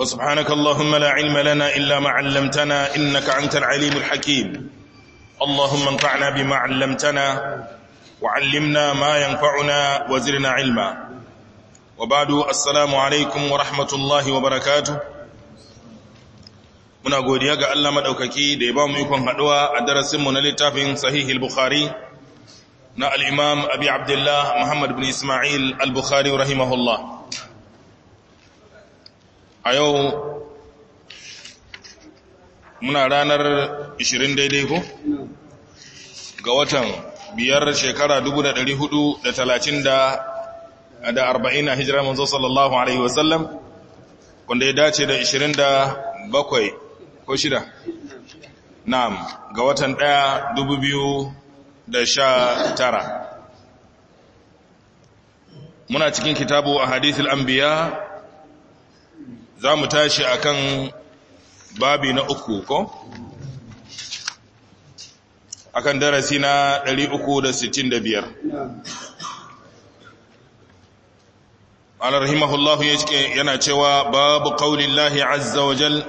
وسبحانك اللهم لا علم لنا إلا ما علمتنا إنك أنت العليم الحكيم اللهم انفعنا بما علمتنا وعلمنا ما ينفعنا وزرنا علما وبعد السلام عليكم ورحمة الله وبركاته muna godiya ga Allah madaukaki da ya ba mu ikon haduwa a darasin mu na littafin sahihi al-bukhari na al-imam abi abdullah muhammad ibn isma'il al-bukhari rahimahullah a yau muna ranar 20 daidai ko ga watan biyar shekara 430 da arba'in a hijira manzo sallallahu alaihi wasallam wanda ya dace da 27 ko shida na'am ga watan 1219 muna cikin kitabu a hadithul anbiya za mu tashi akan babi na uku ko akan darasi na 365 ala rahimahullahu yana cewa babu qaulillahi azza wa jal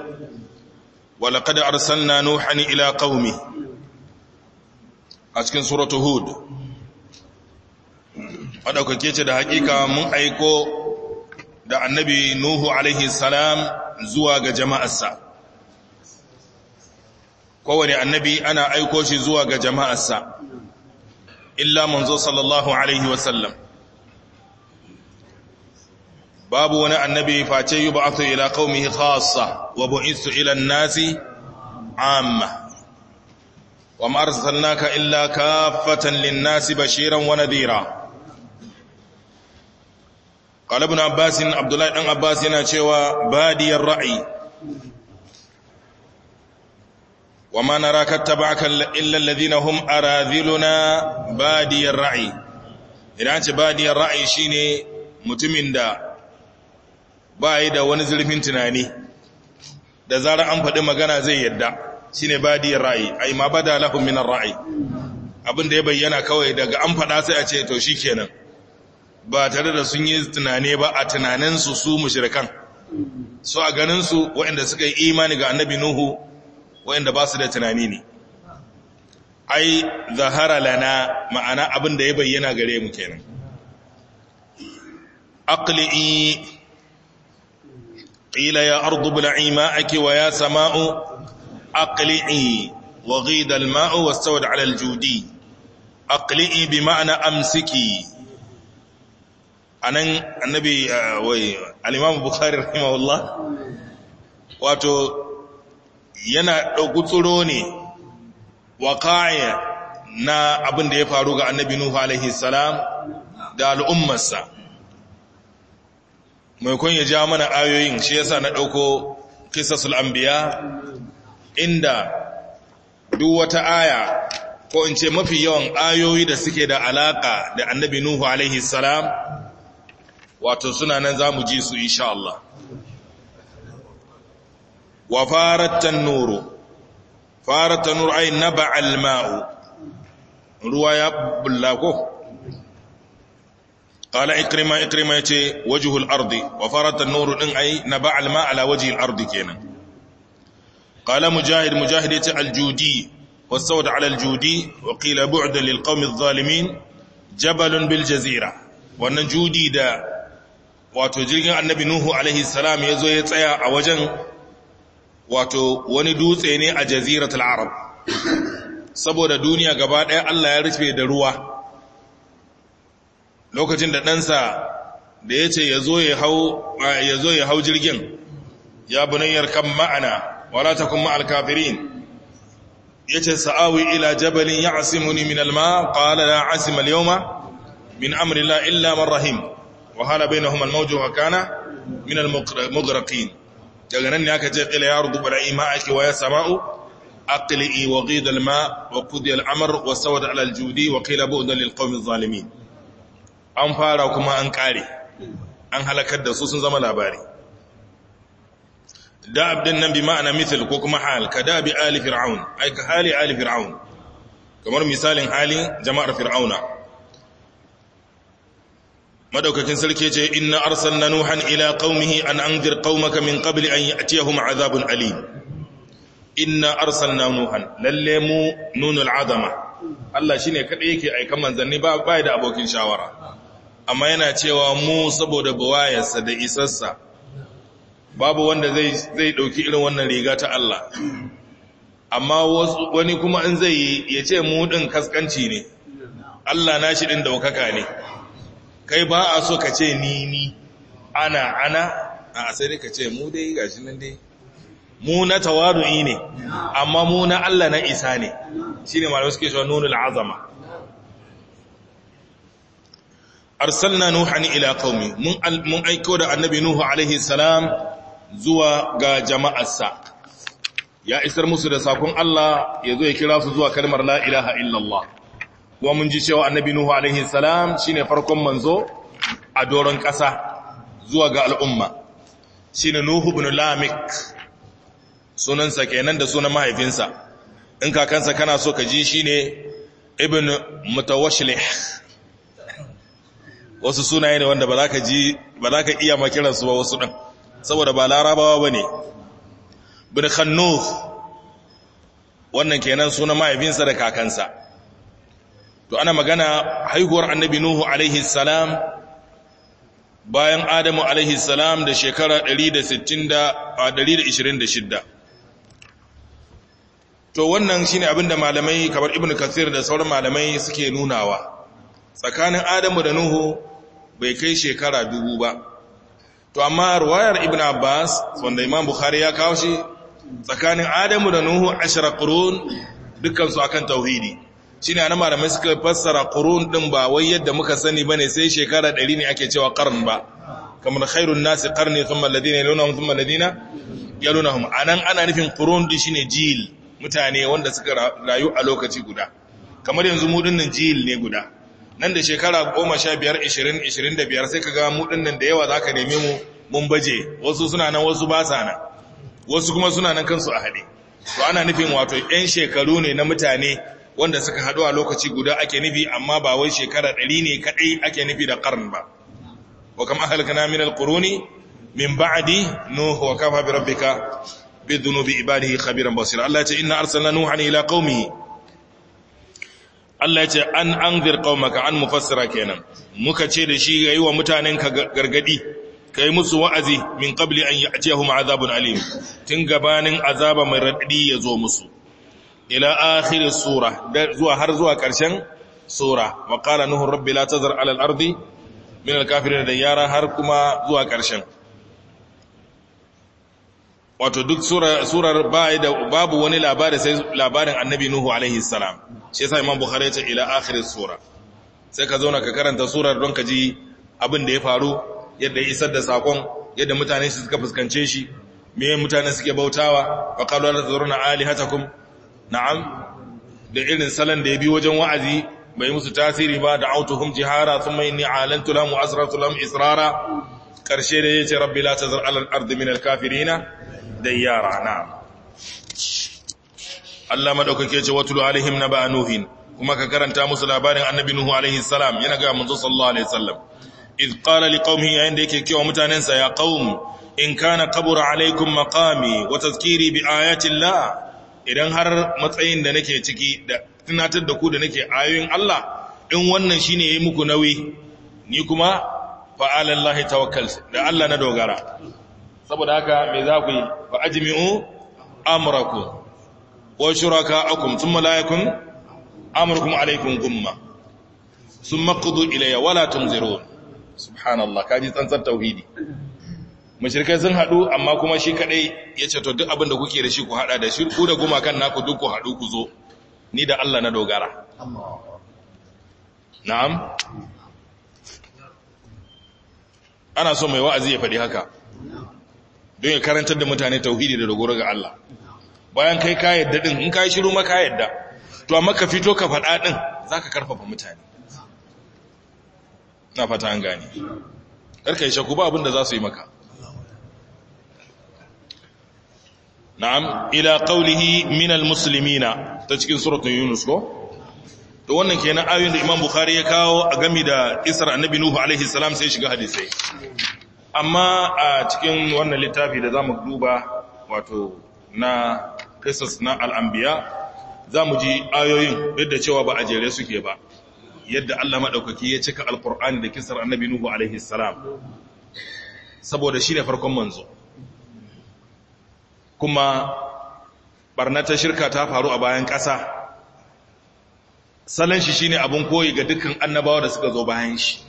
wa laqad arsalna nuhan ila qaumi a cikin suratu hud wadda ce da hakika mun aiko da annabi Nuhu alaihi salam zuwa ga jama'arsa kowane annabi ana aiko shi zuwa ga jama'arsa illa manzo sallallahu alaihi wasallam babu wani annabi face yi ba'athu ila qaumihi khassa wa bu'istu ila nasi amma wa ma arsalnaka illa kaffatan lin-nasi bashiran wa dira. ƙalibin abbasin abdullahi ɗan abbas yana cewa badiyar ra'ayi wa ma na rakatta ba kan illallazi na hum a raziluna badiyar ra'ayi idan ce badiyar ra'ayi shi ne mutumin da ba yi da wani zurfin tunani da zara an faɗi magana zai yadda shine ne badiyar ra'ayi a ma ba da lafi ra'ayi abinda ya bayyana kawai daga an faɗa sai a ce to shi kenan ba tare da sun yi tunane ba a tunaninsu su mushirikan, su a ganinsu waɗanda suka yi imani ga annabi nuhu waɗanda ba su da tunani ne ai zahara lana ma'ana abin da ya bayyana gare mu kenan aqli'i qila ya ardu bla'i ma'aki wa ya sama'u aqli'i wa ghida al-ma'u wastawad 'ala al-judi aqli'i bi ma'ana amsiki anan annabi uh, wai al-imam bukhari rahimahullah wato yana dauku tsoro ne waqa'a na abin da ya faru ga annabi nuhu alaihi salam da al'ummarsa mai kun ya ja mana ayoyin shi yasa na dauko qisasul anbiya inda duk wata aya ko in ce mafi yawan ayoyi da suke da alaka da annabi nuhu alaihi salam wato suna nan za mu ji su insha Allah wa faratan nuru faratan nuru ay naba alma'u ruwa ya bulla ko qala ikrima ikrima yace wajhul ardi wa faratan nuru din ay naba alma ala wajhil ardi kenan qala mujahid mujahid yace aljudi والسود على الجودي وقيل بعدا للقوم الظالمين جبل بالجزيرة wannan judi da wato jirgin annabi nuhu alaihi salam ya zo ya tsaya a wajen wato wani dutse ne a jaziratul arab saboda duniya gaba ɗaya Allah ya rufe da ruwa lokacin da ɗansa da ya ce ya zo ya hau jirgin ya bunayyar kan ma'ana wala ta kuma alkafirin ya ce sa'awi ila jabalin ya asimuni min alma ƙala asimal yau ma min illa man rahim wahala bainahum al-mawju wa kana min al daga nan ne ka ce qila ya rubu ra'i ma'aki wa ya sama'u aqli'i wa ghid ma wa qudi al wa sawad ala al-judi wa qila bu'dan lil an fara kuma an kare an halakar da su sun zama labari da nan bi ma'ana mithil ko kuma hal ka da bi ali fir'aun ai ka hali ali fir'aun kamar misalin halin jama'ar fir'auna madaukakin sarki ce inna arsalna nuhan ila qaumihi an anzir qaumaka min qabli an ya'tiyahum azabun alim inna arsalna nuhan lalle mu nunul azama Allah shine kadai yake aika manzanni ba ba da abokin shawara amma yana cewa mu saboda buwayarsa da isarsa babu wanda zai zai dauki irin wannan riga ta Allah amma wani kuma in zai ya ce mu din kaskanci ne Allah nashi din daukaka ne kai ba a so ka ce ni ni ana ana a sai dai ka ce mu dai gashi nan dai mu na tawadu'i ne amma mu na Allah na isa ne shine malamai suke cewa nunul azama arsalna nuhan ila qaumi mun mun aiko da annabi nuhu alaihi salam zuwa ga jama'arsa ya isar musu da sakon Allah ya zo ya kira su zuwa kalmar la ilaha illallah kuma mun ji cewa annabi nuhu alaihi salam shine farkon manzo a doron ƙasa zuwa ga al'umma shine nuhu ibn lamik sunansa kenan da sunan mahaifinsa in kakansa kana so ka ji shine ibn mutawashlih wasu sunaye ne wanda ba za ka ji ba za ka iya su ba wasu ɗin saboda ba larabawa ba ne bin khannuf wannan kenan sunan mahaifinsa da kakansa to ana magana haihuwar annabi nuhu alaihi salam bayan adamu alaihi salam da shekara 126 to wannan shine abinda malamai kamar ibnu kasir da sauran malamai suke nunawa tsakanin adamu da nuhu bai kai shekara dubu ba to amma ruwayar ibnu abbas wanda imam bukhari ya kawo shi tsakanin adamu da nuhu ashara qurun dukkan su akan tauhidi shine ana malamai suka fassara qurun din ba wai yadda muka sani bane sai shekara 100 ne ake cewa qarn ba kamar khairun nasi qarni thumma alladhina yalunhum thumma alladhina yalunhum anan ana nufin qurun din shine jil mutane wanda suka rayu a lokaci guda kamar yanzu mu dinnan jil ne guda nan da shekara 15 20 25 sai kaga mu dinnan da yawa zaka neme mu mun baje wasu suna nan wasu ba sa nan wasu kuma suna nan kansu a hade to ana nufin wato yan shekaru ne na mutane wanda suka haɗu a lokaci guda ake nufi amma ba wai shekara ɗari ne kaɗai ake nufi da ƙarn ba wa kama halkana min alƙuruni min ba'adi nuhu wa kafa bi rabbika bi dhunubi ibadihi khabiran basira Allah ya ce inna arsalna nuhan ila qaumi Allah ya ce an anzir qaumaka an mufassira kenan muka ce da shi yayi wa ka gargadi kai musu wa'azi min qabli an ya'tiyahum azabun alim tun gabanin azaba mai raɗaɗi ya zo musu ila akhir sura zuwa har zuwa karshen sura wa qala nuhu rabbi la tazar ala al-ardi min al-kafirin da yara har kuma zuwa karshen wato duk surar babu wani labari sai labarin annabi nuhu alaihi salam shi yasa imam bukhari ya ce ila akhir sura sai ka zauna ka karanta surar don ka ji abin da ya faru yadda ya isar da sakon yadda mutane su suka fuskance shi me mutane suke bautawa wa qalu la tazuruna alihatakum na'am da irin salon da ya bi wajen wa'azi bai musu tasiri ba da autuhum jihara sun mai ni alantu asirar asrartu israra karshe da yace rabbi la tazar alal ardi min al kafirina dayyara na'am Allah madaukake ce watul alaihim naba nuhin kuma ka karanta musu labarin annabi nuhu alaihi salam yana ga manzo sallallahu alaihi wasallam iz qala mutanensa ya qaum in kana kabura alaikum maƙami wa tazkiri bi ayati llah idan har matsayin da nake ciki da tunatar da ku da nake ayoyin Allah in wannan shine yayi muku nauyi ni kuma fa alallahi tawakkal da Allah na dogara saboda haka me za ku yi fa ajmi'u amrakum wa shurakaakum thumma la yakun amrukum alaykum gumma thumma qudu ilayya wala tunzirun subhanallah kaji tsantsar tauhidi mashirkai sun haɗu, amma kuma shi kaɗai ya to duk abin da kuke da shi ku haɗa da shi ku da kan naku duk ku haɗu ku zo ni da Allah na dogara na'am ana so mai wa'azi ya faɗi haka don ya karantar da mutane tauhidi da dogoro ga Allah bayan kai ka yadda din in kai shiru ma yadda to amma ka fito ka faɗa din zaka karfafa mutane na fata an gane karka yi ba abin da za su yi maka na'am ila qawlihi minal muslimina ta cikin suratul yunus ko to wannan kenan ayoyin da imam bukhari ya kawo a gami da isra annabi nuhu alaihi salam sai shiga hadisai amma a cikin wannan littafi da zamu duba wato na qisas na al'ambiya, za zamu ji ayoyin yadda cewa ba a jere suke ba yadda Allah maɗaukaki ya cika alqur'ani da kisar annabi nuhu alaihi salam saboda shi ne farkon manzo kuma barnatar shirka ta faru a bayan ƙasa salon shi shine abin koyi ga dukkan annabawa da suka zo bayan shi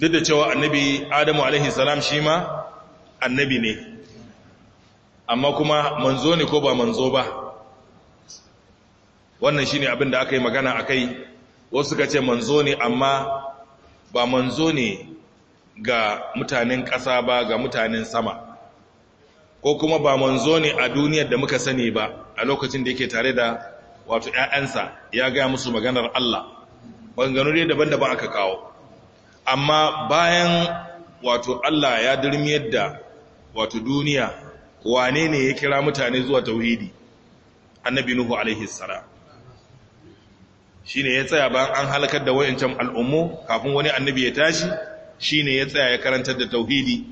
duk da cewa annabi adamu alaihi salam shi ma annabi ne amma kuma manzo ne ko ba manzo ba wannan shine abin da aka yi magana a kai wasu suka ce manzo ne amma ba manzo ne ga mutanen ƙasa ba ga mutanen sama ko kuma ba manzo ne a duniyar da muka sani ba a lokacin da yake tare da wato ‘ya'yansa ya gaya musu maganar Allah ɓangano ne daban da ba aka kawo amma bayan wato Allah ya dirmiyar da wato duniya wane ne ya kira mutane zuwa tauhidi annabi Nuhu alaihi Shi shine ya tsaya bayan an halakar da wayancan al'ummu kafin wani annabi ya tashi shine ya tsaya ya karantar da tauhidi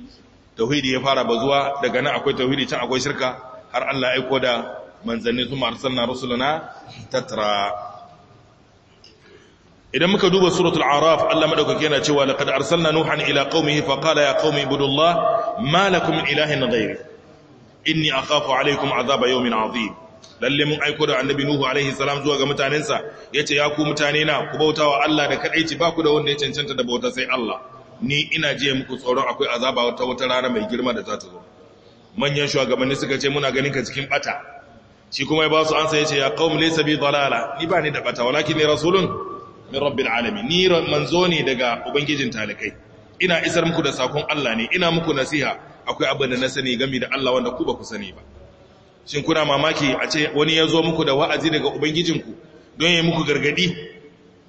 tauhidi ya fara bazuwa daga nan akwai tauhidi can akwai shirka har Allah aiko da manzanni su marsalna rusuluna tatra idan muka duba suratul araf Allah madaukake yana cewa laqad arsalna nuhan ila qaumihi fa qala ya qaumi ibudullah ma lakum ilahin ghayri inni akhafu alaykum azaba yawmin azim lalle mun aiko da annabi nuhu alaihi salam zuwa ga mutanensa yace ya ku mutane na ku bautawa Allah da kadaici ba ku da wanda ya cancanta da bauta sai Allah ni ina je muku tsoron akwai azaba wata wata rana mai girma da za ta zo manyan shugabanni suka ce muna ganin ka cikin bata shi kuma ya ba su ansa ce ya qaum laysa bi dalala ni ba ni da bata walakin ni rasulun min rabbil alamin ni manzo ne daga ubangijin talikai ina isar muku da sakon Allah ne ina muku nasiha akwai abin da na sani game da Allah wanda ku ba ku sani ba shin kuna mamaki a ce wani ya zo muku da wa'azi daga ubangijinku don ya yi muku gargadi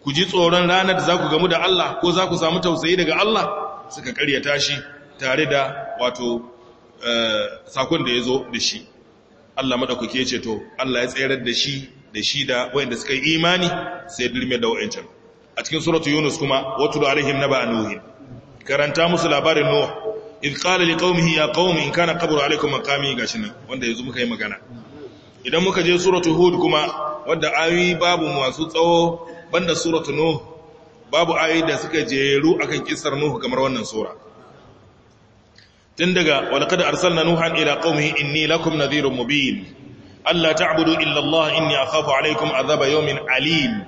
ku ji tsoron ranar da za ku gamu da Allah ko za ku samu tausayi daga Allah suka karyata shi tare da wato eh, sakon da ya zo da shi Allah maɗaukake ce to Allah ya tsayar da shi da shi da wayanda suka yi imani sai dirme da wayancan a cikin suratu yunus kuma watu arihim na ba'anuhi karanta musu labarin nuh id qala liqaumihi ya qaumi in kana qabru alaikum maqami shi nan wanda yanzu muka yi magana idan muka je suratu hud kuma wanda ayoyi babu masu tsawo banda suratu nuh babu ayoyi da suka jeru akan kisar nuh kamar wannan sura tun daga walaqad arsalna nuhan ila qaumihi inni lakum nadhirun mubin alla ta'budu illa allah inni akhafu alaykum adhaba yawmin alim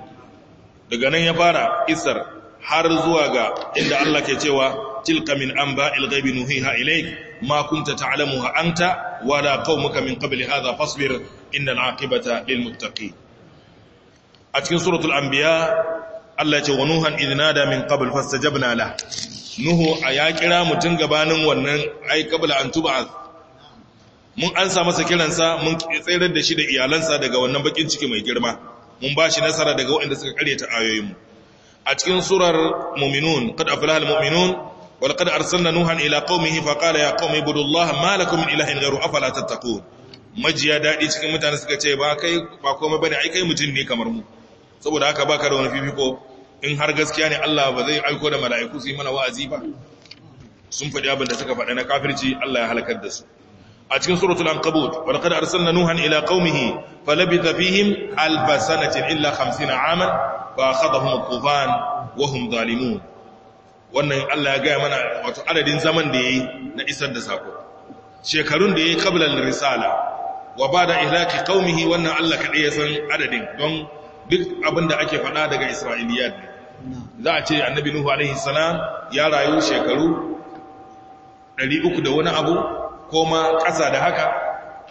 daga nan ya fara isar har zuwa ga inda Allah ke cewa tilka min anba'il ghaibi nuhiha ilayk ma kunta ta'lamuha anta wala qaumuka min qabli hadha fasbir innal aqibata lil muttaqin a cikin suratul anbiya Allah ce wa nuhan idnada min qabl fastajabna la nuhu a ya kira mutun gabanin wannan ai qabla an tuba? mun ansa masa kiransa mun tsayar da shi da iyalansa daga wannan bakin ciki mai girma mun bashi nasara daga waɗanda suka karyata ayoyin mu a cikin surar mu'minun qad aflaha almu'minun wa laqad arsalna nuhan ila qaumihi fa qala ya qaumi ibudullaha ma lakum min ilahin ghayru afala tattaqun majiya dadi cikin mutane suka ce ba kai ba komai bane ai kai mutun ne kamar mu saboda haka baka da wani fifiko in har gaskiya ne Allah ba zai aiko da mala'iku su yi mana wa'azi ba sun faɗi abin da suka faɗi na kafirci Allah ya halakar da su a cikin suratul ankabut wa laqad arsalna nuhan ila qaumihi falabitha fihim alf sanatin illa 50 aman fa akhadhahum tufan wa hum zalimun wannan Allah ya ga mana wato adadin zaman da yayi na isar da sako shekarun da yayi qabla risala wa bada ihlaki qaumihi wannan Allah kadai ya san adadin don duk abin da ake faɗa daga israiliya ne za a ce annabi nuhu alaihi salam ya rayu shekaru 300 da wani abu ko ma ƙasa da haka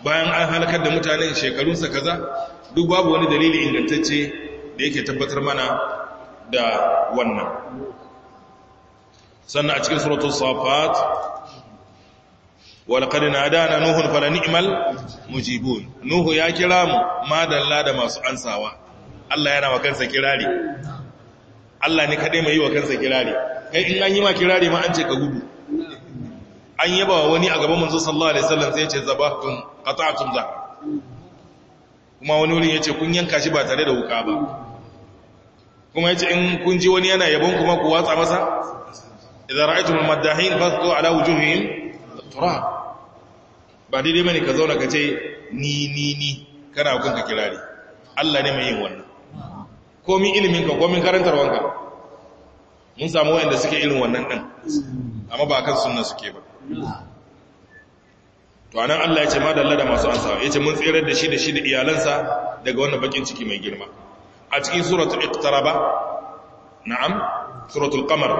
bayan an halakar da mutane shekarunsa kaza duk babu wani dalili ingantacce da yake tabbatar mana da wannan sannan a cikin suratul safat walqad nadana nuhun fala ni'mal mujibun nuhu ya kira mu madalla da masu ansawa Allah yana wa kansa kirari Allah ne kaɗai mai yi wa kansa kirari kai in an yi ma kirari ma an ce ka gudu an yaba wa wani a gaban manzo sallallahu alaihi wasallam sai ya ce zabatun qata'tum za kuma wani wurin ya ce kun yanka shi ba tare da wuka ba kuma ya ce in kun ji wani yana yabon kuma ku watsa masa ra'aytum al maddahin fasqu ala wujuhihim turab ba dai-dai dai bane ka zauna ka ce ni ni ni kana hukunka kirari Allah ne mai yin wannan komin iliminka komin karantar wanka mun samu wa'anda suke irin wannan ɗin amma ba kan sunna suke ba to anan Allah ya ce ma dalla da masu ansa ya ce mun tsirar da shi da shi da iyalansa daga wannan bakin ciki mai girma a cikin suratul iqtaraba na'am suratul qamar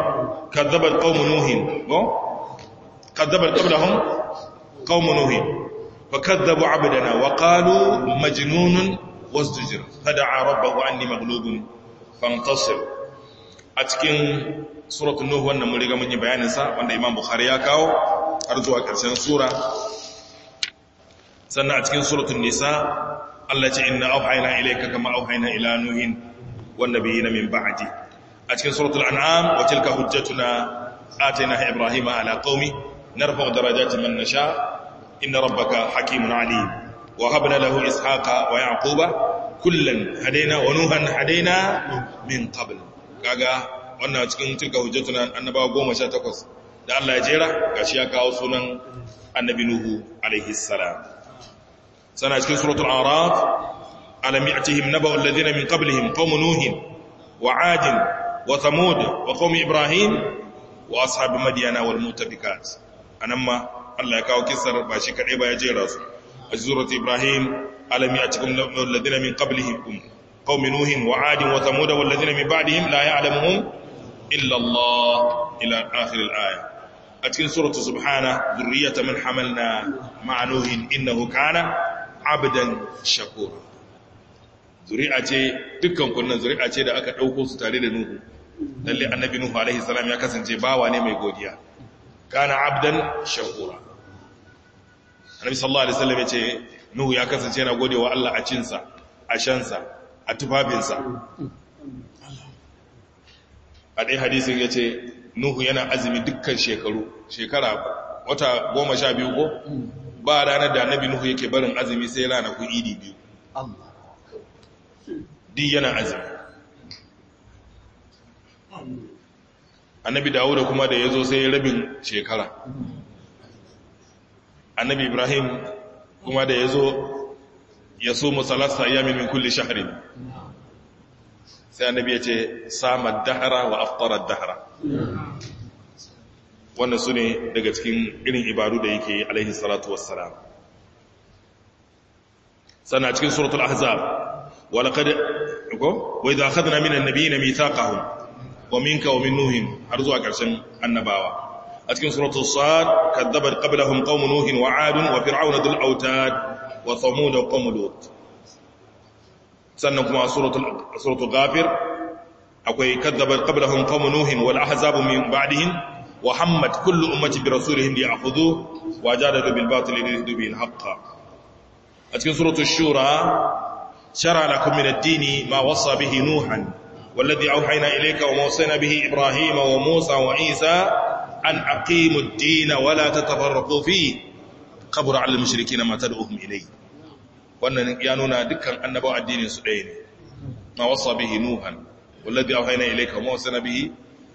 kadzabat qaumun nuhin go kadzabat qablahum qaumun nuhin fa kadzabu abdana wa qalu majnunun wasdujir fada'a rabbahu anni maghlubun fantasir a cikin suratul Nuhu wannan mun mun yi bayanin sa wanda imam bukhari ya kawo har zuwa karshen sura sannan a cikin suratun nisa Allah ce inna auhayna ilayka kama auhayna ila nuhin yi na min ba'di a cikin suratul an'am wa tilka hujjatuna atina ibrahim ala qaumi narfa'u darajati man nasha inna rabbaka hakimun alim وهبنا له إسحاق ويعقوب كلا هدينا ونوحا هدينا من قبل كاغا wannan cikin tilka hujjatuna annaba 18 da Allah ya jera gashi ya kawo sunan annabi nuhu alaihi salam sana cikin suratul a'raf alam ya'tihim naba'u alladhina min qablihim qaum nuh wa 'ad wa thamud wa qaum ibrahim wa ashab madyana wal mutafikat anan ma Allah ya kawo kisar ba shi kadai ba ya jera su azurat ibrahim alami a cikin ladina min qablihim qaum nuhin wa ad wa thamud wal ladina min ba'dihim la ya'lamuhum illa allah ila akhir aya a cikin surah subhana zurriyat man hamalna ma'a nuhin innahu kana abdan shakur zuri'a ce dukkan kunnan zuri'a ce da aka dauko su tare da nuhu lalle annabi nuhu alaihi salam ya kasance bawa ne mai godiya kana abdan shakura annabi sallallahu alaihi wasallam yace Nuhu ya kasance yana godewa Allah a cinsa a shansa a tufafinsa a dai hadisin yace Nuhu yana azumi dukkan shekaru shekara wata goma sha biyu ko ba ranar da Annabi Nuhu yake barin azumi sai rana ku idi biyu di yana azumi Annabi Dawuda kuma da yazo sai rabin shekara annabi ibrahim kuma da ya zo ya so musalasta ayyamin min kulle shahri sai annabi ya ce samar dahara wa aftarar dahara wannan su ne daga cikin irin ibadu da yake alaihi salatu wassalam Sannan cikin suratul ahzab walaqad ko wa idha akhadna min an-nabiyina mithaqahum wa minka wa min nuhin har zuwa ƙarshen annabawa a cikin suratul sad kadzabat qablahum qaum nuh wa 'ad wa fir'aun dhul autad wa thamud wa qaum lut sannan kuma suratul suratul ghafir akwai kadzabat qablahum qaum nuh wal ahzab min ba'dihim wa hammat kullu ummati bi rasulihim liya'khudhu wa jadadu bil batil liyahdu bil haqq a cikin suratul shura shara lakum min ad-dini ma wasa bihi nuhan والذي أوحينا إليك وما وصينا به إبراهيم وموسى وعيسى an aqimu ad-din wa la tatafarraqu fi qabra al mushrikeena ma tad'uhum ilay wannan ya nuna dukkan annabawa addinin su ɗaya ne ma wasa bihi nuhan wallazi awhayna ilayka wa wasana bihi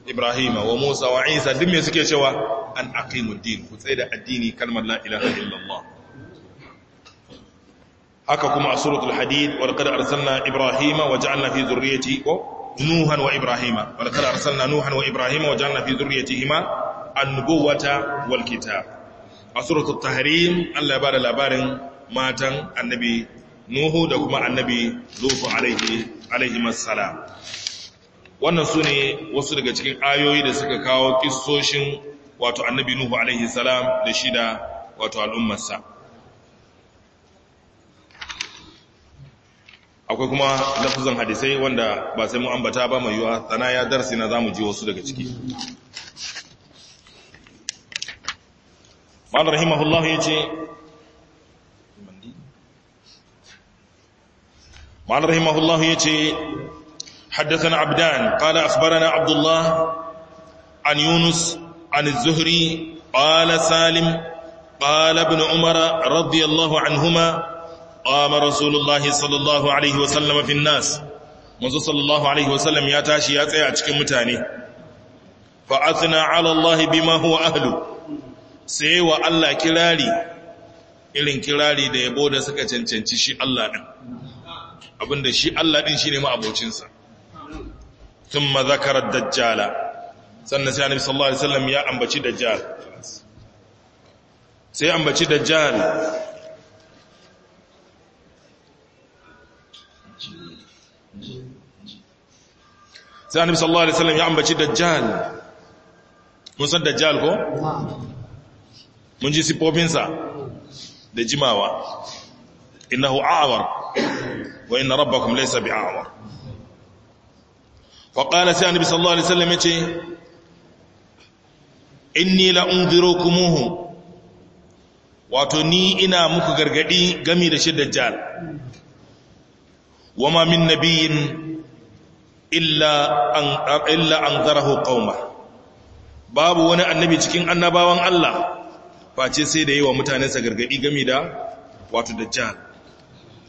ibrahima wa musa wa isa duk me suke cewa an aqimu ad-din ku da addini kalmar la ilaha illallah haka kuma a suratul hadid wa laqad arsalna ibrahima wa ja'alna fi dhurriyyatihi nuhan wa ibrahima walakar arsalna nuhan wa ibrahima wajen na fi zurriyatihima annubuwata walkita kitab a suratul tahrim an ya labarin matan annabi nuhu da kuma annabi lutu alaihi wannan su ne wasu daga cikin ayoyi da suka kawo kisoshin wato annabi nuhu alaihi salam da shida wato al'ummarsa akwai kuma lafizan hadisai wanda ba sai mu ambata ba mai yiwuwa tsana ya darsi na zamu ji wasu daga ciki ma'ala rahimahullahu ya ce haddakan abdan kala asbarana abdullah an yunus an zuhri kala salim kala bin umara radiyallahu anhuma qama rasulullahi sallallahu alaihi wasallam fi nas manzo sallallahu alaihi wasallam ya tashi ya tsaya a cikin mutane fa athna ala allah bima huwa ahlu sai wa allah kirari irin kirari da yabo da suka cancanci shi allah din abinda shi allah din shine ma abocinsa thumma zakara dajjala sannan sai annabi sallallahu alaihi wasallam ya ambaci dajjal sai ambaci dajjal sai annabi sallallahu alaihi wasallam ya ambaci dajjal mun san dajjal ko mun ji sifofinsa da jimawa innahu a'war wa inna rabbakum laysa bi'awar fa qala sai annabi sallallahu alaihi wasallam yace inni la unzirukumuhu wato ni ina muku gargadi game da shi dajjal wama min nabiyyin illa an zarahu kauma babu wani annabi cikin annabawan Allah face sai da yi wa mutanensa gargaɗi game da wato dajjal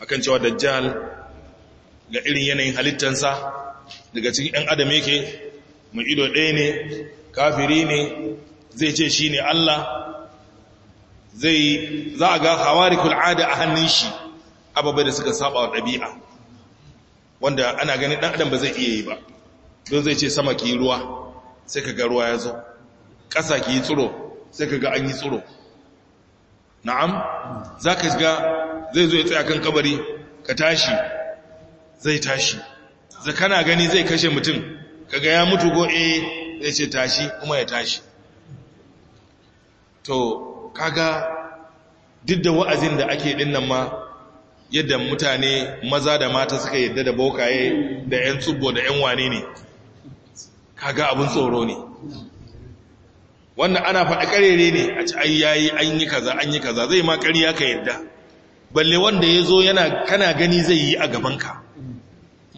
akan cewa dajjal ga irin yanayin halittansa daga cikin ɗan adam yake mai ido ɗaya ne kafiri ne zai ce shi ne Allah za a ga hawarikul ada a hannun shi ababai da suka saba wa ɗabi'a wanda ana ganin dan adam ba zai iya yi ba don zai ce sama ki ruwa sai ka ga ruwa ya zo ƙasa ki yi tsiro sai ka ga an yi tsiro na'am za ka ga zai zo ya tsaya kan kabari ka tashi zai tashi za kana gani zai kashe mutum kaga ya mutu ko eh zai ce tashi kuma ya tashi to kaga duk da wa'azin da ake dinnan ma yadda mutane maza da mata suka yadda da bokaye da 'yan tsubbo da 'yan wane ne kaga abin tsoro ne wannan ana faɗa ƙarere ne a ci ayyayi an yi kaza an yi kaza zai ma ƙarya ka yadda balle wanda ya zo yana kana gani zai yi a gabanka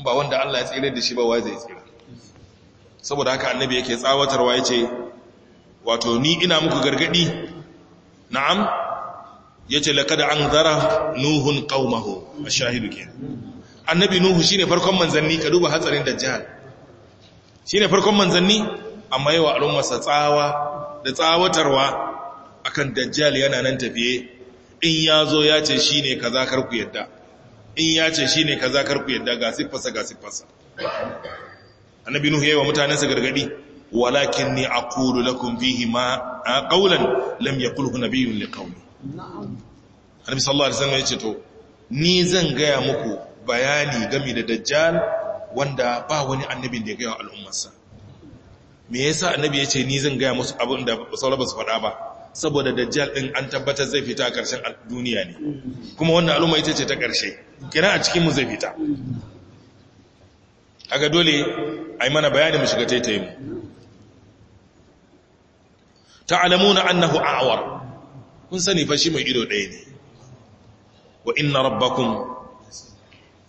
ba wanda Allah ya tsira da shi ba wai zai tsira saboda haka annabi yake tsawatarwa ya ce wato ni ina muku gargadi na'am ya ce laƙada an zara nuhun ƙaumaho a shahidu ke annabi nuhu shine farkon manzanni ka duba hatsarin dajjal shine farkon manzanni amma yawa al'ummarsa tsawa da tsawatarwa akan dajjal yana nan tafiye in ya zo ya ce shine ka zakar ku yadda in ya ce shine ka zakar ku yadda ga siffasa ga siffasa annabi nuhu yi wa mutanensa gargadi a aqulu lakun fihi ma qawlan lam ya na biyun liqawmi annabi sallallahu alaihi wasallam ya ce to ni zan gaya muku bayani gami da dajjal wanda ba wani annabi da ya gaya al'ummarsa me yasa annabi ya ce ni zan gaya musu abin da sauraba su faɗa ba saboda dajjal din an tabbatar zai fita a ƙarshen duniya ne kuma wannan al'umma ita ce ta ƙarshe kina a cikin mu zai fita haka dole ai mana bayani mu shiga yi mu ta'lamuna annahu a'war kun sani fa shi mai ido ɗaya ne wa inna rabbakum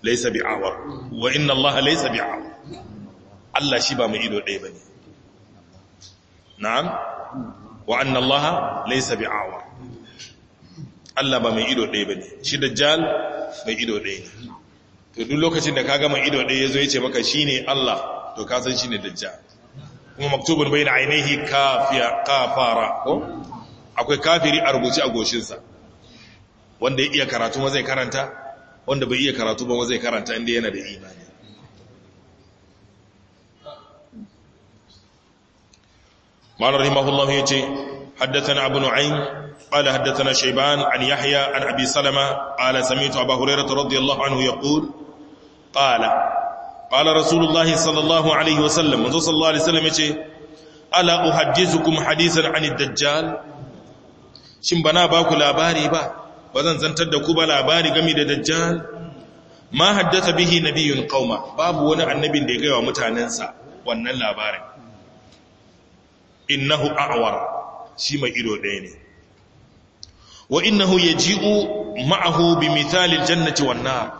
laysa bi'awar wa inna allaha laysa bi'awar Allah shi ba mai ido ɗaya bane na'am wa anna allaha laysa bi'awar Allah ba mai ido ɗaya bane shi dajjal mai ido ɗaya ne to duk lokacin da ka mai ido ɗaya yazo yace maka shine Allah to ka san shine dajjal kuma maktubun bayna ainihi kafiya kafara ko akwai kafiri a rubuce a goshinsa wanda ya iya karatu ma karanta wanda bai iya karatu ba ma zai karanta inda yana da imani ma'anar rahimahullahu ya ce haddatan abu nu'ayin ƙwada haddatan shaiban an yahya an abi salama ƙwada samitu abu hurairu ta radiyallahu anhu ya ƙul ƙwada ƙwada rasulullahi sallallahu alaihi wasallam manzo sallallahu alaihi wasallam ya ce ala hadisan an iddajjal shin bana ba ku labari ba ba zan zantar da ku ba labari game da dajjal ma haddasa bihi nabiyun qauma babu wani annabin da ya gaya wa mutanensa wannan labarin innahu a'war shi mai ido ɗaya ne wa innahu yaji'u ma'ahu bi mithalil jannati wan nar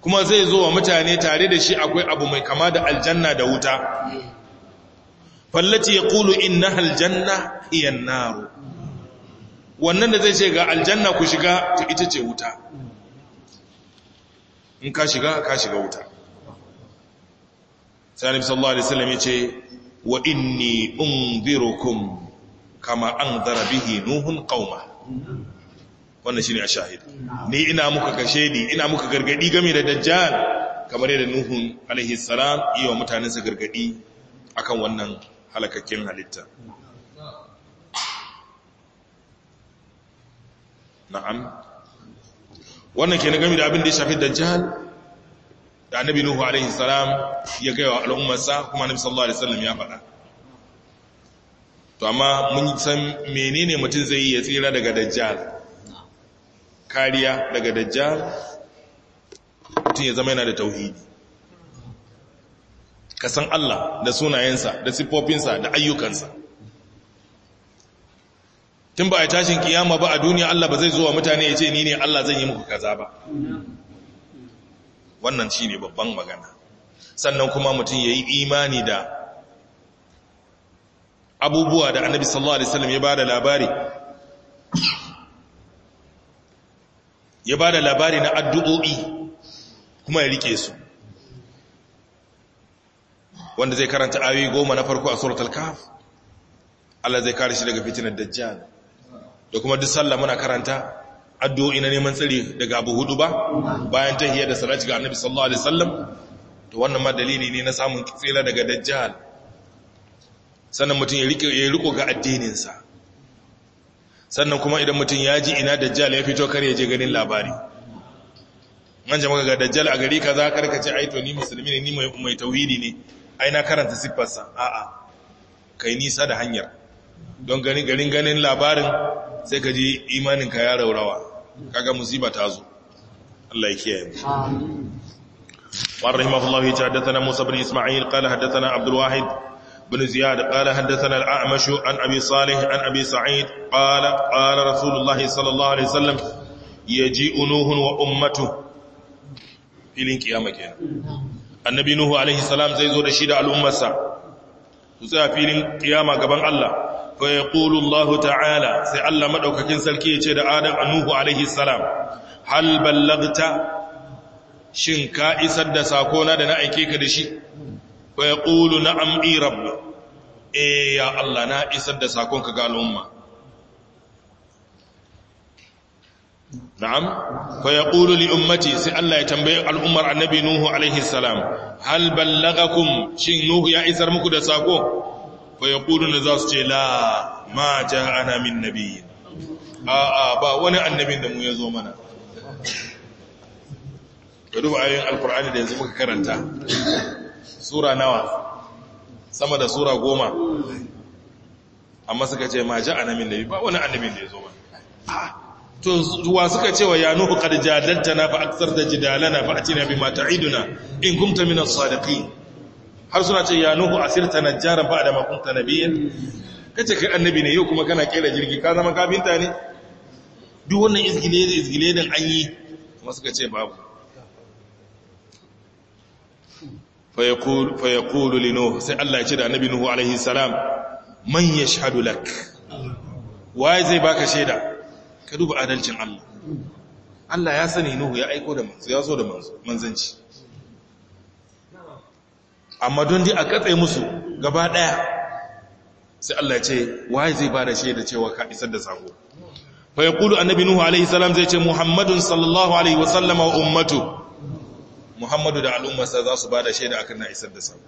kuma zai zo wa mutane tare da shi akwai abu mai kama da aljanna da wuta fallati yaqulu innahal janna hiya an-nar wannan da zai ce ga aljanna ku shiga to ita ce wuta in ka shiga ka shiga wuta sai sallallahu alaihi wasallam ya ce wa inni unzirukum kama anzara bihi nuhun qauma wannan shine ashahid ni ina muka kashe ni ina muka gargadi game da dajjal kamar yadda nuhun alaihi salam iya wa mutanensa gargadi akan wannan halakakken halitta na'am wannan ke na gami da abin da ya shafi dajjal da annabi nuhu alaihi salam ya gaya wa al'ummarsa kuma annabi sallallahu alaihi wasallam ya faɗa to amma mun san menene mutum zai yi ya tsira daga dajjal kariya daga dajjal mutum ya zama yana da tauhidi ka san Allah da sunayensa da siffofinsa da ayyukansa tun ba a tashin kiyama ba a duniya Allah ba zai zo wa mutane ya ce ni ne Allah zan yi muku kaza ba wannan shi ne babban magana sannan kuma mutum ya yi imani da abubuwa da annabi sallallahu alaihi wasallam ya ba da labari ya ba da labari na addu'o'i kuma ya rike su wanda zai karanta ayoyi goma na farko a suratul kaf Allah zai kare shi daga fitinar dajjal da kuma duk sallah muna karanta addu'o'i na neman tsari daga abu hudu ba bayan tahiyya da salati ga annabi sallallahu alaihi wasallam to wannan ma dalili ne na samun tsira daga dajjal sannan mutum ya rike ya riko ga addinin sa sannan kuma idan mutum ya ji ina dajjal ya fito kar ya je ganin labari an jama'a ga dajjal a gari kaza karkace ai to ni musulmi ne ni mai tauhidi ne ai na karanta sifarsa a'a kai nisa da hanyar don garin ganin labarin sai ka ji imaninka ya raurawa kaga musiba ta zo Allah ya kiyaye mu وعن رحمه الله حدثنا موسى بن اسماعيل قال حدثنا عبد الواحد بن زياد قال حدثنا الاعمش عن ابي صالح عن ابي سعيد قال قال رسول الله صلى الله عليه وسلم يجيء نوح وامته في القيامه annabi nuhu alaihi salam zai zo da shi da al'ummarsa su tsaya filin kiyama gaban Allah fa ƙulu Allah ta'ala sai Allah maɗaukakin sarki ya ce da Adam annuhu alaihi salam hal ballagta shin ka isar da sako na da na aike ka da shi fa ƙulu na i rabb eh ya Allah na isar da sakon ka ga al'umma na'am fa yaqulu li ummati sai Allah ya tambaye al'ummar annabi nuhu alaihi salam hal ballagakum shin nuhu ya isar muku da sako fa yaquluna za su ce la ma ana min nabiyyin a a ba wani annabin da mu ya zo mana ka duba ayoyin alkur'ani da yanzu muka karanta sura nawa sama da sura goma amma suka ce ma ja min da ba wani annabin da ya zo mana to zuwa suka ce wa ya nuhu qad jadaltana fa da jidalana fa atina bima ta'iduna in min minas sadiqin har suna ce ya nuhu asirta najjaran ba da makunta nabiyan kace kai annabi ne yau kuma kana kera jirgi ka zama kafinta ne duk wannan izgile da izgile din an yi kuma suka ce babu fa yaqulu li nuh sai Allah ya ce da annabi nuhu alaihi salam man yashhadu lak waye zai baka shaida ka duba adalcin Allah Allah ya sani nuhu ya aiko da manzo ya da manzanci amma don dai a katse musu gaba daya sai Allah ya ce waye zai bada shaida cewa ka isar da sako fa yaqulu annabi nuhu alaihi salam zai ce muhammadun sallallahu alaihi wa sallama wa ummatu muhammadu da al'ummarsa za su bada shaida akan na isar da sako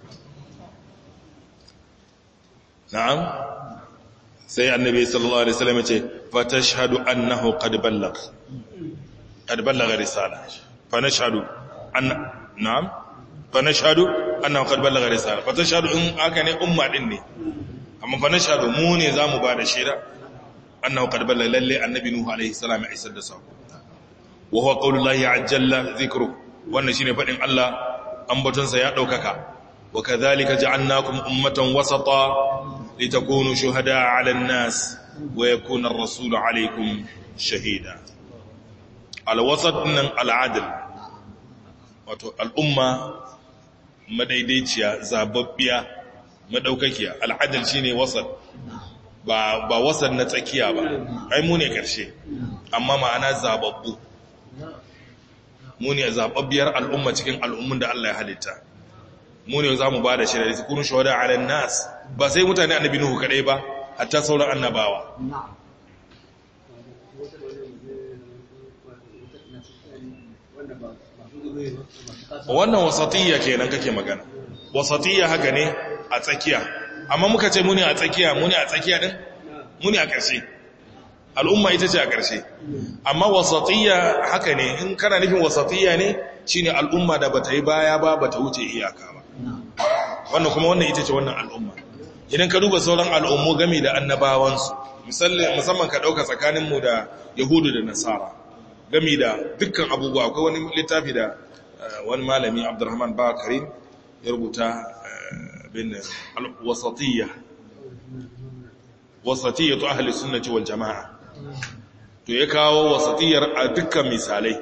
na'am sai annabi sallallahu alaihi wasallam ce fa tashhadu annahu qad ballagha qad ballagha risala fa nashhadu an na'am fa nashhadu annahu qad balagha risala fa tashhadu in aka ne umma din ne amma fa nashhadu mu ne zamu ba da shaida annahu qad balagha lalle annabi nuhu alaihi salam ya isar da sako wa huwa qaulullahi ajalla dhikru wannan shine fadin Allah ambaton sa ya daukaka wa kadhalika ja'alnakum ummatan wasata litakunu shuhada'a 'alan nas wa yakuna ar-rasulu 'alaykum shahida al-wasat nan al-'adl wato al'umma madaidaiciya zababbiya madaukakiya al'adal shine wasal ba ba wasal na tsakiya ba ai mu ne karshe amma ma'ana zababbu mu ne zababbiyar al'umma cikin al'ummun da Allah ya halitta mu ne za mu ba da shirya da kunu shawarar ala nas ba sai mutane annabi nuhu kadai ba hatta sauran annabawa wannan wasatiyya kenan kake magana wasatiyya haka ne a tsakiya amma muka ce muni a tsakiya muni a tsakiya din muni a ƙarshe al'umma ita ce a ƙarshe amma wasatiyya haka ne in kana nufin wasatiyya ne shine al'umma da bata yi baya ba bata wuce iyaka ba wannan kuma wannan ita ce wannan al'umma idan ka duba sauran al'ummu game da annabawansu musamman ka ɗauka tsakaninmu da yahudu da nasara game da dukkan abubuwa akwai wani littafi da wani malami abdurrahman ba karim ya rubuta bin wasatiyya wasatiyya to ahli sunnati wal jama'a to ya kawo wasatiyyar a dukkan misalai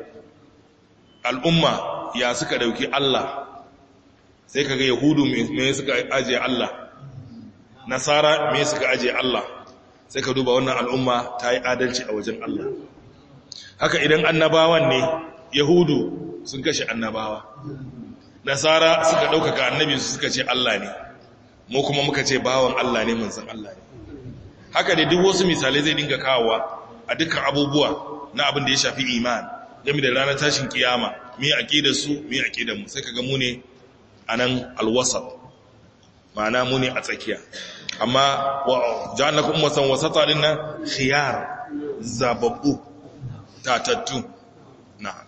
al'umma ya suka dauki Allah sai kaga yahudu me suka ajiye Allah nasara me suka ajiye Allah sai ka duba wannan al'umma ta yi adalci a wajen Allah haka idan annabawan ne yahudu sun kashe annabawa nasara suka ɗaukaka annabi su suka ce Allah ne mu kuma muka ce bawan Allah ne mun san Allah ne haka ne duk wasu misalai zai dinga kawowa a dukkan abubuwa na abin da ya shafi iman game da ranar tashin kiyama mi aqidar su mi aqidar mu sai kaga mu ne anan alwasat ma'ana mu ne a tsakiya amma wa ja'alnakum ummatan wasata lin khiyar zababbu tatattu na'am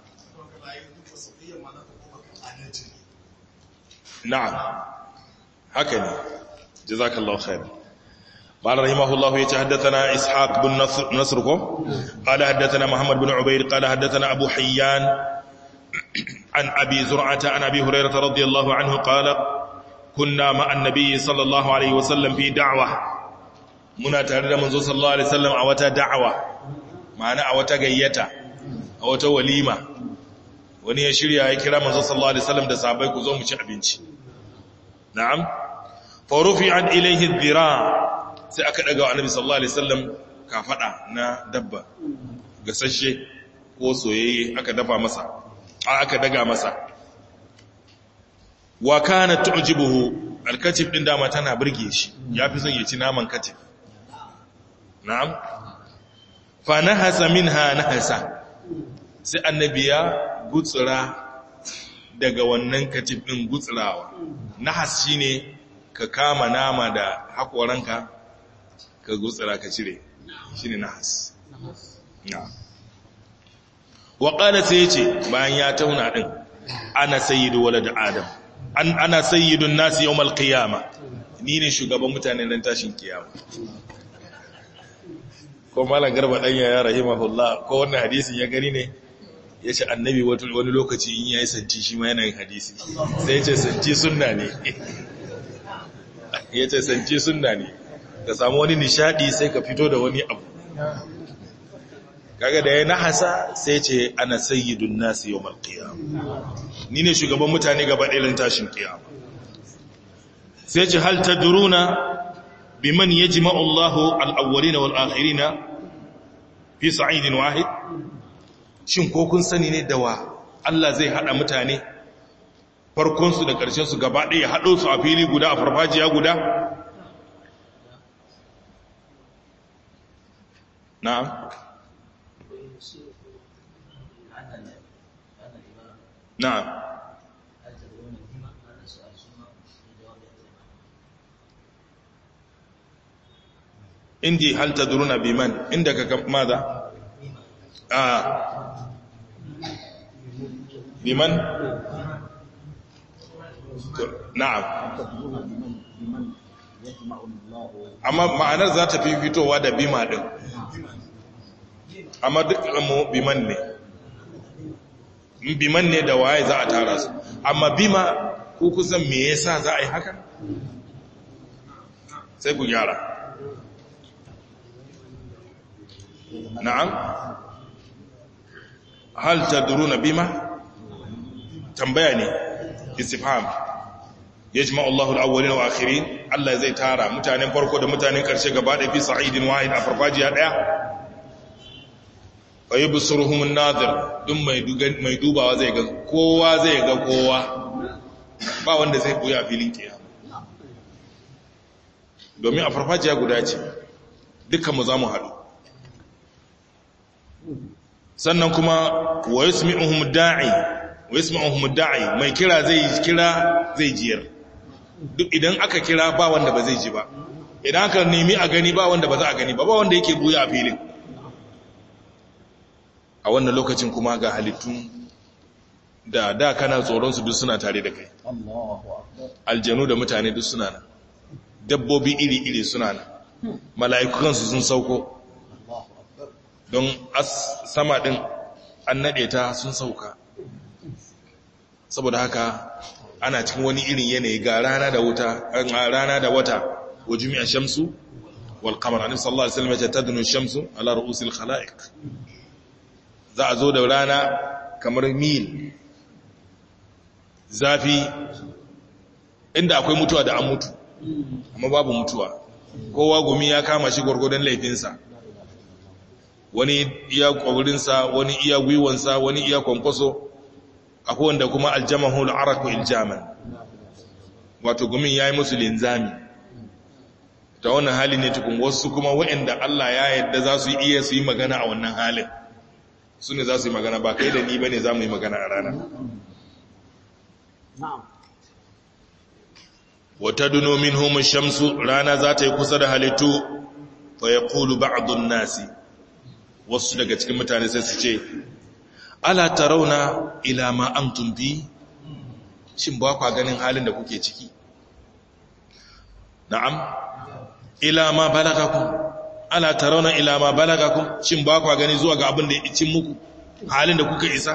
na'am haka ne jazakallahu khairan قال رحمه الله يتحدثنا إسحاق بن نصر, نصر قال حدثنا محمد بن عبيد قال حدثنا أبو حيان عن أبي زرعة عن أبي هريرة رضي الله عنه قال كنا مع النبي صلى الله عليه وسلم في دعوة منا تهرد منذ صلى الله عليه وسلم أوتا دعوة معنى أوتا قيتا أوتا وليمة wani ya shirya ya kira manzo sallallahu alaihi wasallam da sahabbai ku zo mu ci abinci na'am fa rufi'at ilayhi dhira sai aka daga wa annabi sallallahu alaihi wasallam kafada na dabba gasashe ko soyayye aka dafa masa aka daga masa wa kana tu'jibuhu alkatif din dama tana burge shi yafi son ya naman katif na'am fa nahasa minha nahasa sai annabi ya gutsura daga wannan katif ɗin gutsurawa nahas shi ne ka kama nama da haƙoranka ka gutsura ka cire shi ne nahas waƙada sai ce bayan ya tauna ɗin ana sayidu wala da adam ana sayidun nasu yau malkiyama ni ne shugaban mutane don tashin kiyama ko malam garba ɗanya ya rahimahullah ko wannan hadisin ya gani ne ya ce annabi wani lokaci in ya yi santi shi ma yanayin hadisi sai ya ce santi suna ne ya ce santi suna ne ka samu wani nishadi sai ka fito da wani abu kaga da ya nahasa sai ce ana sayyidun nasi yau malkiyama ni ne shugaban mutane gaba ɗailan tashin kiyama sai ce hal ta duruna biman ya na al'awwalina na fi sa'idin wahid shin ko kun sani ne da wa Allah zai hada mutane farkonsu da ƙarshensu gaba ɗaya haɗo su a fili guda a farfajiya guda na? na'am indi hal duruna biman indaka maza a liman na'am amma ma'anar za ta fi fitowa da bima din amma duk mu biman ne biman ne da waye za a tara su amma bima ku kusan me yasa za a yi haka sai ku gyara na'am hal tadruna bima tambaya ne istifham yajma'u Allahu al-awwalin wa akhirin Allah zai tara mutanen farko da mutanen karshe gaba da fi sa'idin wahid a farfajiya daya fa yubsiruhum an-nadhir dun mai mai dubawa zai ga kowa zai ga kowa ba wanda zai buya filin kiyama domin a farfajiya guda ce dukkan mu za mu haɗu sannan kuma wa yusmi'uhum da'i wa yusmi'uhum da'i mai kira zai kira zai jiyar duk idan aka kira ba wanda ba zai ji ba idan aka nemi a gani ba wanda ba za a gani ba ba wanda yake buya a filin a wannan lokacin kuma ga halittun da da kana tsoronsu duk suna tare da kai aljanu da mutane duk suna nan dabbobi iri-iri suna nan mala'iku sun sauko don sama din an naɗe ta sun sauka saboda haka ana cikin wani irin yanayi ga rana da wuta rana da wata wa jumi'a shamsu wal qamar annabi sallallahu alaihi wasallam ya tadnu shamsu ala ru'usil khalaiq za a zo da rana kamar mil zafi inda akwai mutuwa da an mutu amma babu mutuwa kowa gumi ya kama shi gwargwadon laifinsa wani iya kwaurinsa wani iya gwiwansa wani iya kwankwaso akwai wanda kuma aljamahul araku iljaman wato gumin ya yi musu linzami ta wani hali ne tukun wasu kuma wa'inda Allah ya yadda za su iya su yi magana a wannan halin su ne za su yi magana ba kai da ni ba ne za mu yi magana a rana wata duno min homin shamsu rana za ta yi kusa da halittu fa ya kulu ba'adun nasi wasu daga cikin mutane sai su ce ala tarauna ila ma antum bi shin ba kwa ganin halin da kuke ciki na'am ila ma balagakum ala tarauna ila ma balagakum shin ba kwa gani zuwa ga abin da ya cin muku halin da kuka isa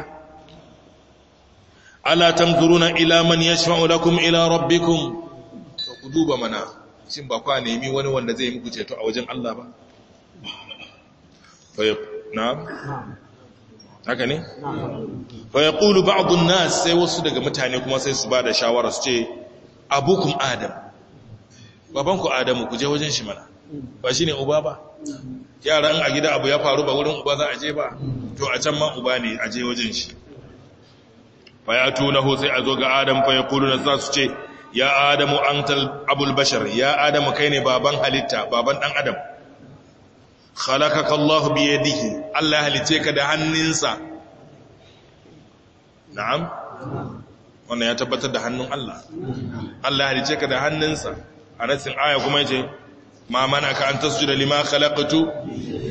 ala tamzuruna ila man yashfa'u lakum ila rabbikum to ku duba mana shin ba kwa nemi wani wanda zai muku ceto a wajen Allah ba na'am haka ne fa yaqulu nas sai wasu daga mutane kuma sai su bada shawara su ce abukum adam babanku adamu ku je wajen shi mana ba shi ne uba ba yara in a gida abu ya faru ba wurin uba za a je ba to a can ma uba ne a je wajen shi fa ya tunahu sai a zo ga adam fayakulu na za su ce ya adamu antal abul bashar ya adamu kai ne baban halitta baban dan adam khalaqaka Allah bi yadihi Allah halice ka da hannunsa na'am wannan ya tabbatar da hannun Allah Allah halice ka da hannunsa a nasin aya kuma yace ma manaka an tasjuda lima khalaqtu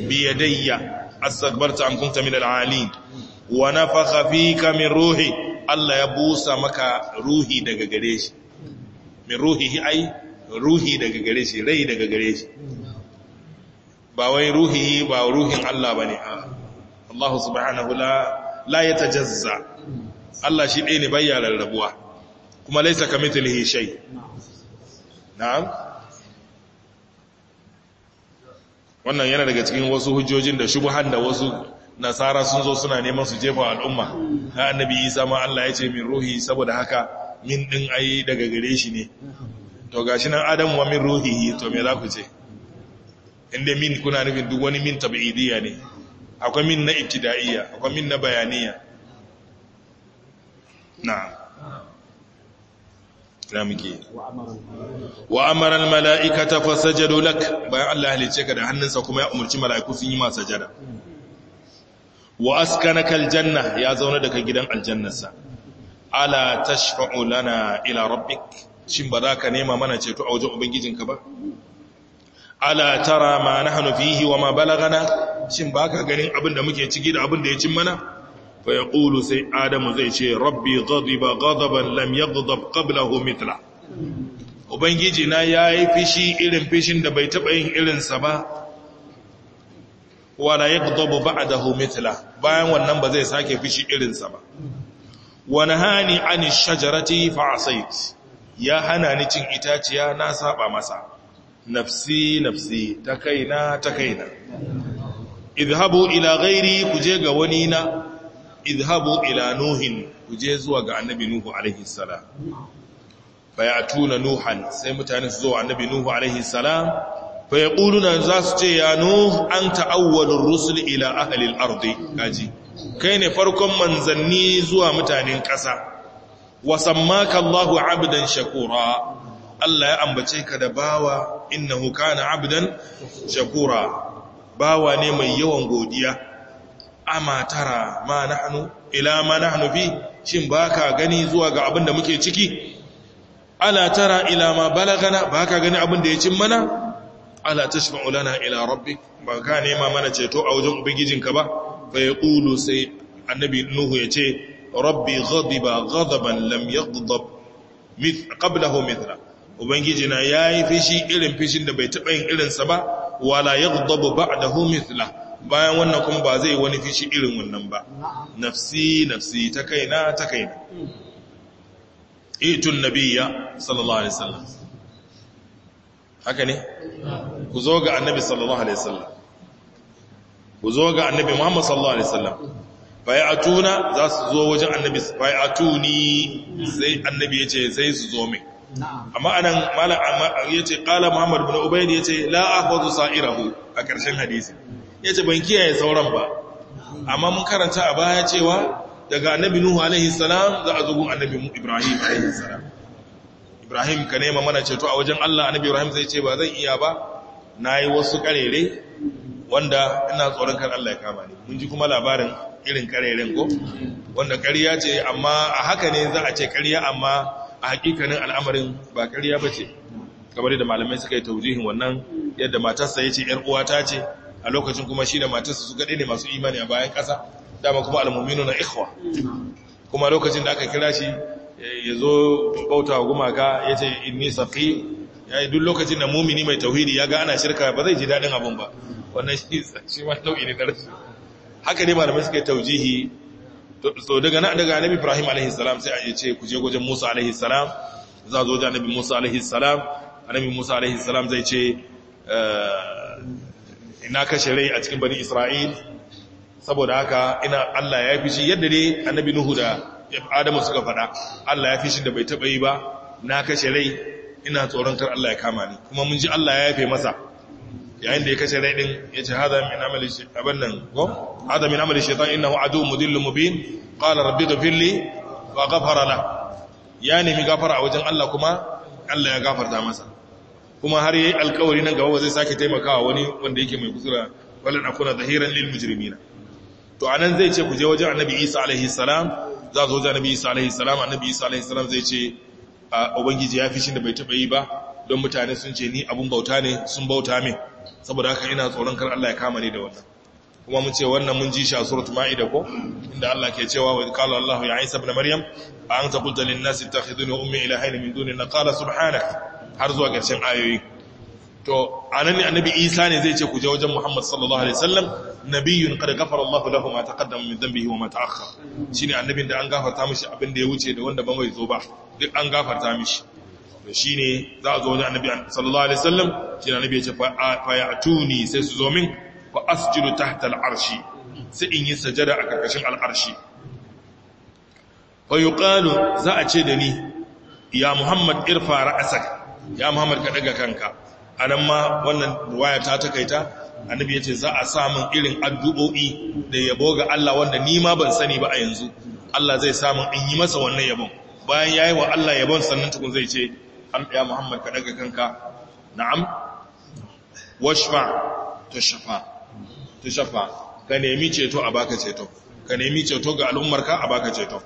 bi yadayya astakbarta an kunta min al-alin wa nafakha fika min ruhi Allah ya busa maka ruhi daga gare shi min ruhihi ai ruhi daga gare shi rai daga gare shi ba wai ruhihi ba ruhin Allah bane Allah subhanahu la ta jazza Allah shi ɗaya ne bayya rabuwa. kuma laisa kamithlihi shay na'am wannan yana daga cikin wasu hujjojin da shubuhan da wasu nasara sun zo suna neman su jefa al'umma na annabi isa ma Allah ya ce min ruhi saboda haka min ɗin ai daga gare shi ne to gashi nan adamu wa min ruhihi to me za ku ce inda min kuna nufin duk wani min tabi'idiyya ne akwai min na ibtida'iyya akwai min na bayaniya na na muke wa amara al ta fasajadu lak bayan Allah halice ka da hannunsa kuma ya umarci mala'iku sun yi ma sajada wa askanaka al janna ya zauna daga gidan aljannarsa ala tashfa'u lana ila rabbik shin ba za ka nema mana ceto a wajen ubangijinka ba ala tara ma nahnu fihi wa ma balagana shin baka ganin abin da muke ciki da abin da ya cin mana fa yaqulu sai adamu zai ce rabbi ghadiba ghadaban lam yaghdab qablahu mithla ubangiji na yayi fishi irin fishin da bai taba yin irin sa ba wa la yaghdabu ba'dahu mithla bayan wannan ba zai sake fishi irinsa ba wa hani an shajarati fa ya hana ni cin itaciya na saba masa nafsi nafsi ta kaina ta kaina idhabu ila ghairi kuje ga wani na idhabu ila nuhin kuje zuwa ga annabi nuhu alaihi salam fayatuna nuhan sai mutane su zo annabi nuhu alaihi salam fayaquluna za su ce ya nuh anta awwalur rusul ila ahli al-ardi kaji kai ne farkon manzanni zuwa mutanen ƙasa wa sammaka Allahu abdan shakura Allah ya ambace ka da bawa innahu kana abdan shakura bawa ne mai yawan godiya ama tara ma nahnu ila ma nahnu fi shin baka gani zuwa ga abin da muke ciki ala tara ila ma balagana baka gani abin da ya cin mana ala tashfa'u lana ila rabbik baka nema mana ceto a wajen ubangijinka ba fa yaqulu sai annabi nuhu yace rabbi ghadiba ghadaban lam yaghdab qablahu mithla ubangiji na ya yi fishi irin fishin da bai taɓa yin irin sa ba wala yaghdabu ba'dahu mithla bayan wannan kuma ba zai wani fishi irin wannan ba nafsi nafsi ta kaina ta kaina itun nabiyya sallallahu alaihi sallam. haka ne ku zo ga annabi sallallahu alaihi sallam. ku zo ga annabi muhammad sallallahu alaihi sallam. wasallam bai'atuna za su zo wajen annabi bai'atuni sai annabi ya ce sai su zo min amma anan malam yace ƙala Muhammadu ibn ubayd yace la ahfazu sa'irahu a ƙarshen hadisi yace ban kiyaye sauran ba amma mun karanta a baya cewa daga annabi nuhu alaihi salam za a zugun annabi ibrahim alaihi salam ibrahim ka nema mana ceto a wajen allah annabi ibrahim zai ce ba zan iya ba na yi wasu karere wanda ina tsoron kan allah ya kama ni mun ji kuma labarin irin karere ko wanda karya ce amma a haka ne za a ce karya amma a hakikanin al'amarin ba ƙarya ba ce kamar da malamai suka yi taurihin wannan yadda matarsa ya ce ‘yar uwata ce a lokacin kuma shi da matarsa su kaɗai ne masu imani a bayan ƙasa dama kuma al’amominu na ikhwa kuma lokacin da aka kira shi ya zo bauta wa gumaka ya ce inni safi ya yi duk lokacin da mumini mai tauhidi ya ga ana shirka ba zai ji daɗin abin ba wannan shi ma nau'i ne na rashin haka ne malamai suka yi taujihi so daga na daga annabi ibrahim alaihi salam sai a ce kuje gojen musa alaihi salam za zo da annabi musa alaihi salam annabi musa alaihi salam zai ce eh, ina kashe rai a cikin bani isra'il saboda haka ina allah ya fishi yadda ne annabi nuhu da adamu suka faɗa allah ya fishi da bai taɓa yi ba na kashe rai ina tsoron kar allah ya kama ni kuma mun ji allah ya yafe masa yayin da ya kashe raidin ya ce hada min amali abin nan ko hada min amali shaitan innahu adu mudillun mubin qala rabbi ghfir li wa ghafara la ya nemi gafara a wajen Allah kuma Allah ya gafarta masa kuma har yayi alƙawari nan gaba zai sake taimakawa wani wanda yake mai kusura wallan akuna zahiran lil mujrimina to anan zai ce ku je wajen annabi Isa alaihi salam za zo wajen annabi Isa alaihi salam annabi Isa alaihi salam zai ce ubangiji ya fi shi da bai taba yi ba don mutane sun ce ni abun bauta ne sun bauta min saboda haka ina tsoron kar Allah ya kama ni da wannan kuma mun ce wannan mun ji shi a suratul maida ko inda Allah ke cewa wa qala Allahu ya Isa ibn Maryam a anta qulta lin nasi ittakhiduni ummi ilahayn min duni na qala subhana. har zuwa ƙarshen ayoyi to anan annabi Isa ne zai ce ku je wajen Muhammad sallallahu alaihi wasallam nabiyyun qad ghafara Allahu lahu ma taqaddama min dhanbihi wa ma ta'akhkhar shine annabin da an gafarta mishi abin da ya wuce da wanda ba mai zo ba duk an gafarta mishi da shi ne za a zo wajen annabi sallallahu alaihi wasallam shi ne annabi ya ce fa tuni sai su zo min fa asjudu tahta al'arshi sai in yi sajada a karkashin al'arshi fa yuqalu za a ce da ni ya muhammad irfa ra'asak ya muhammad ka daga kanka anan ma wannan ruwaya ta takaita annabi ya ce za a samun irin addu'o'i da yabo ga Allah wanda ni ma ban sani ba a yanzu Allah zai samun in yi masa wannan yabon bayan ya yi wa Allah yabon sannan tukun zai ce an ɗaya muhammad ka ɗaga kanka na'am washfa ta shafa. ka nemi ceto a baka ceto ka nemi ceto ga al'ummarka a baka ceto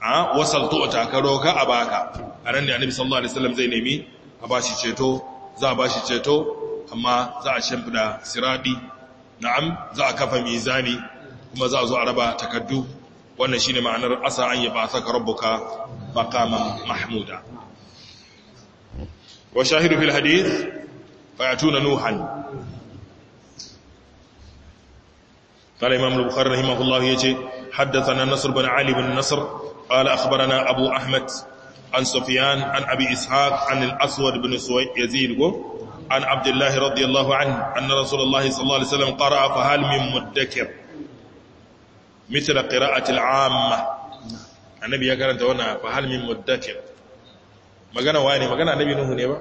a wasaltu ta ka a baka a ran da annabi sallallahu alaihi wasallam zai nemi a bashi ceto za a bashi ceto amma za a shimfida siradi na'am za a kafa mizani kuma za a zo a raba takaddu wannan shine ma'anar asa an yi ba saka rabbuka maqaman mahmuda وشاهد في الحديث فيأتون نوحا قال إمام البخاري رحمه الله يجي حدثنا نصر بن علي بن نصر قال أخبرنا أبو أحمد عن سفيان عن أبي إسحاق عن الأسود بن يزيد عن عبد الله رضي الله عنه أن رسول الله صلى الله عليه وسلم قرأ فهل من مدكر مثل قراءة العامة النبي يقرأ أنت هنا فهل من مدكر magana wa ne magana annabi nuhu ne ba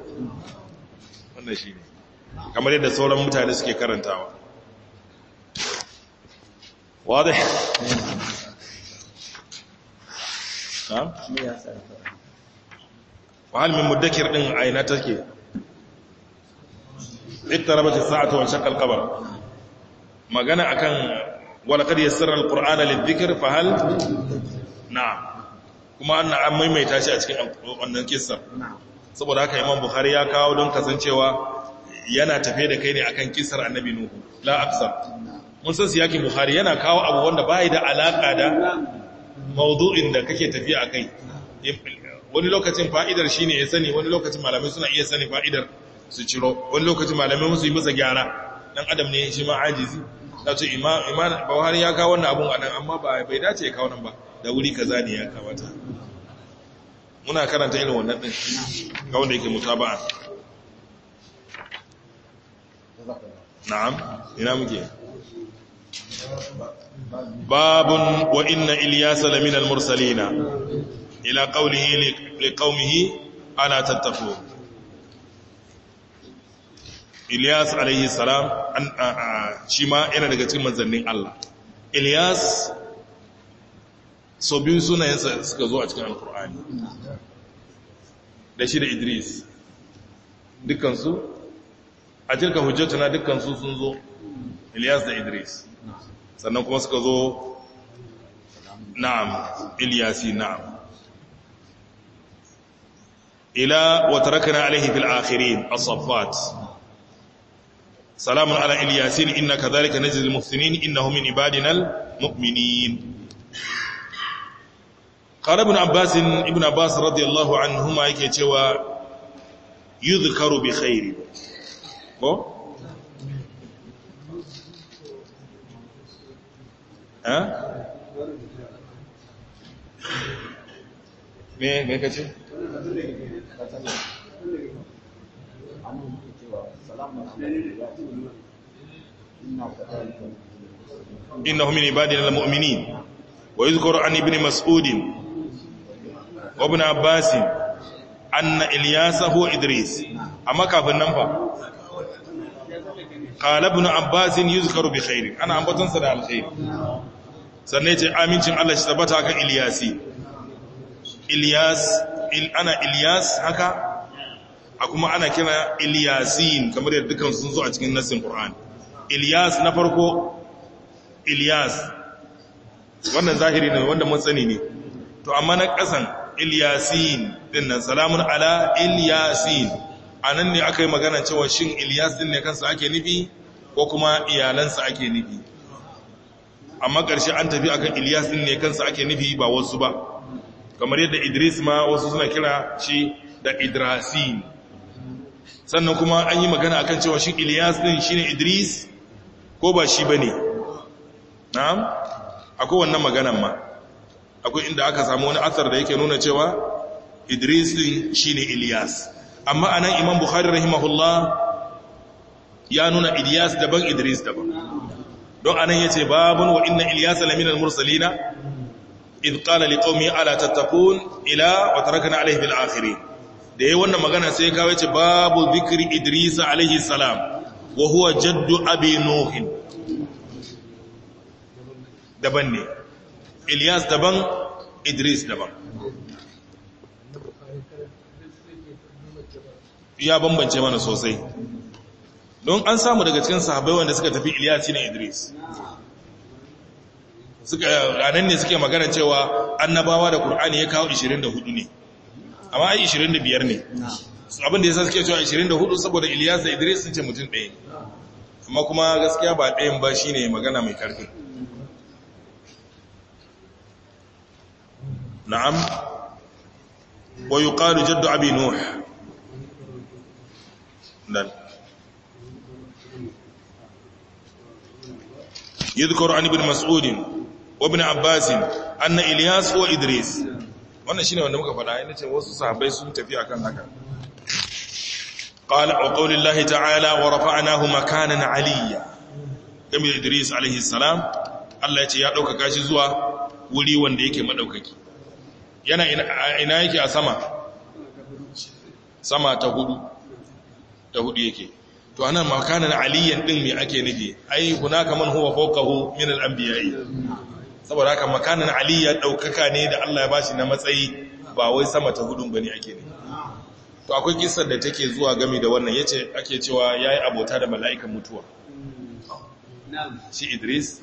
wannan shi ne kamar yadda sauran mutane suke karantawa wadih wahal min muddakir din aina take iqtarabat as-sa'atu wa shaqqa al-qamar magana akan walaqad yassara al-qur'ana lidh-dhikr fahal na'am kuma an maimaita shi a cikin wannan kissa saboda haka imam Buhari ya kawo don kasancewa yana tafe da kai ne akan kisar annabi nuhu la aksar mun san siyaki Buhari yana kawo abu wanda bai da alaka da mawdu'in da kake tafiya kai. wani lokacin fa'idar shine ya sani wani lokacin malamai suna iya sani fa'idar su ciro wani lokacin malamai musu yi masa gyara dan adam ne shi ma ajizi da ce imam bukhari ya kawo wannan abun anan amma bai dace ya kawo nan ba da wuri kaza ne ya kamata muna karanta irin wannan din ga wanda yake mutaba'a na'am ina muke babun wa inna ilyasa lamin al-mursalina ila qawlihi liqaumihi ala tattaqu Ilyas alayhi salam an shi ma yana daga cikin manzannin Allah Ilyas sau biyu sunayensa suka zo a cikin alkur'ani da shi da idris dukansu a cirka hujjatuna dukansu sun zo ilyas da idris sannan kuma suka zo na'am ilyasi na'am ila wa tarakna alaihi fil akhirin as-saffat salamun ala ilyasin inna ka kadhalika najzil muhsinin innahu min ibadinal mu'minin قال ابن عباس ابن عباس رضي الله عنهما yake cewa yuzkaru bi khairi ko eh me me kace إنه من عبادنا المؤمنين ويذكر عن ابن مسعود wa ibn abbas anna ilyasa huwa idris amma kafin nan fa qala ibn abbas yuzkaru bi khairi. ana ambaton sa da alkhair sannan ce amincin Allah shi tabbata kan ilyasi ilyas il ana ilyas haka a kuma ana kira ilyasin kamar yadda dukan sun zo a cikin nassin qur'ani ilyas na farko ilyas wannan zahiri ne wanda mun sani ne to amma na kasan ilyasin nan salamun ala ilyasin Anan ne aka yi magana cewa shin Ilyasin ne kansa ake nufi ko kuma iyalansa ake nufi amma ƙarshe an tafi akan Ilyasin ne kansa ake nufi ba wasu ba kamar yadda idris ma wasu suna kira shi da idrasin sannan kuma an yi magana akan cewa shi ilyas din shine idris ko ba shi bane na'am akwai wannan maganan ma akwai inda aka samu wani asar da yake nuna cewa idris din shine ilyas amma anan imam bukhari rahimahullah ya nuna ilyas daban idris daban don anan yace babun wa inna ilyas lamina mursalina id qala liqaumi ala tattaqun ila wa tarakna alayhi bil akhirin da yayi wannan magana sai ya ce babu zikri idris alayhi salam wa huwa jaddu abi nuh daban ne Ilyas daban Idris daban ya bambance mana sosai don an samu daga cikin sahabai wanda suka tafi Ilyas ne Idris suka ranar ne suke magana cewa annabawa da Qur'ani ya kawo 24 ne amma ai 25 ne abin da yasa suke cewa 24 saboda Ilyas da Idris sun ce mutum ɗaya amma kuma gaskiya ba ɗayan ba shine magana mai karfin. na'am wa yuqalu jaddu abi nuh nan yadhkuru an ibn mas'ud wa ibn abbas anna ilyas wa idris wannan shine wanda muka faɗa yana ce wasu sahabbai sun tafi akan haka قال وقول الله تعالى ورفعناه مكانا عليا game Idris alaihi salam Allah ya ce ya dauka kashi zuwa wuri wanda yake madaukaki yana ina yake a sama sama ta hudu ta hudu yake to anan makanan aliyan din me ake nige ai hunaka man huwa fawqahu min al-anbiya'i saboda haka makanan aliyan daukaka ne da Allah ya bashi na matsayi ba wai sama ta hudun bane ake ne to akwai kissa da take zuwa game da wannan yace ake cewa yayi abota da mala'ikan mutuwa shi Idris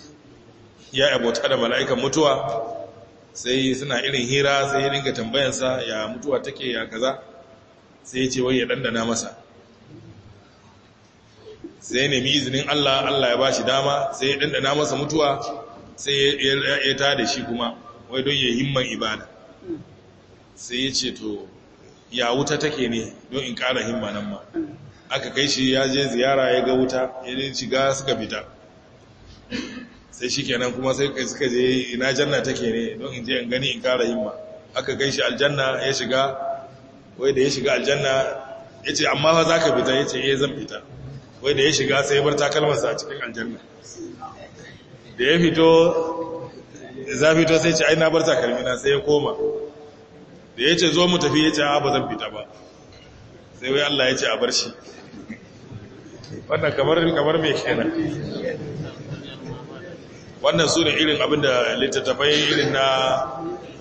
ya abota da mala'ikan mutuwa sai suna irin hira sai ya ringa tambayansa ya mutuwa take ya kaza sai ya ce wai ya dandana masa sai ya nemi izinin Allah Allah ya bashi dama sai ya dandana masa mutuwa sai ya ta da shi kuma wai don ya himman ibada sai ya ce to ya wuta take ne don in ƙara himma nan ma aka kai shi ya je ziyara ya ga wuta ya shiga suka fita sai shi kenan kuma sai kai suka je ina janna take ne don in je in gani in kara himma aka kai shi aljanna ya shiga wai da ya shiga aljanna ya ce amma ba za ka fita ya ce eh, zan fita wai da ya shiga sai ya bar takalmarsa a cikin aljanna da ya fito za fito sai ce ai na bar takalmina sai ya koma da ya ce zo mu tafi ya ce a ba zan fita ba sai wai Allah ya ce a bar shi wannan kamar kamar mai kenan wannan su ne irin abinda littattafai irin na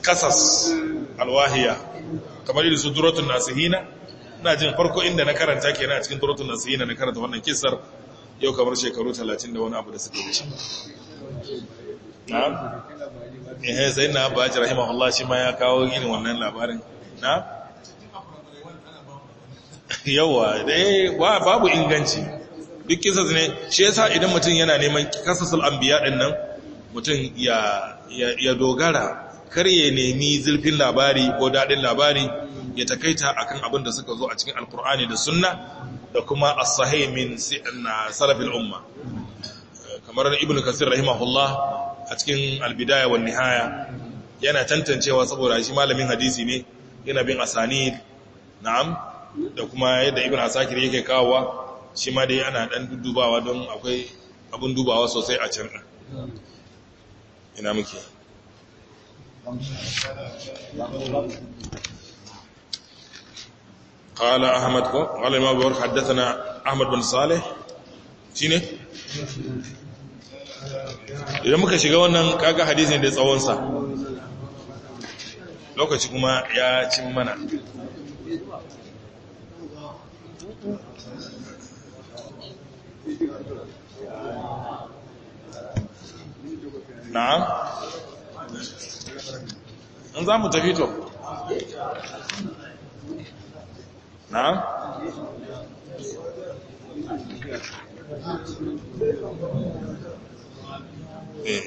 kasas alwahiya kamar irin su durotun nasihina na jin farko inda na karanta ke na cikin durotun nasihina na karanta wannan kisar yau kamar shekaru talatin da wani abu da suka wuce na? ihe eh, sai na abu ajiyar Allah shi ma ya kawo irin wannan labarin na? yawa dai babu inganci duk kisas ne shi yasa idan mutum yana neman kasasul anbiya din nan mutum ya dogara kar ya nemi zurfin labari ko daɗin labari ya takaita akan abin da suka zo a cikin alkur'ani da sunna da kuma as-sahih min salafil umma kamar ibnu kasir rahimahullah a cikin albidaya wan nihaya yana tantancewa saboda shi malamin hadisi ne yana bin asani na'am da kuma yadda ibnu asakir yake kawowa shi ma dai ana dan dubawa don akwai abun dubawa sosai a can ina muke Ahmad ko قال ما بور حدثنا احمد بن Saleh shine idan muka shiga wannan kaga ne da tsawon sa lokaci kuma ya cin mana na'am in za mu tafi to na'am eh eh, eh.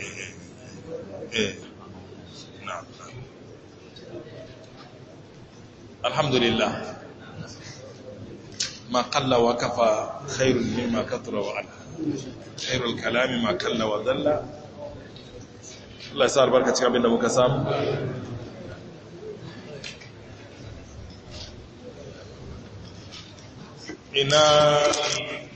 eh. na'am alhamdulillah ما قل وكفى خير مما كثر وعلا خير الكلام ما قل وذل Allah ya sa albarka cikin abin da muka samu ina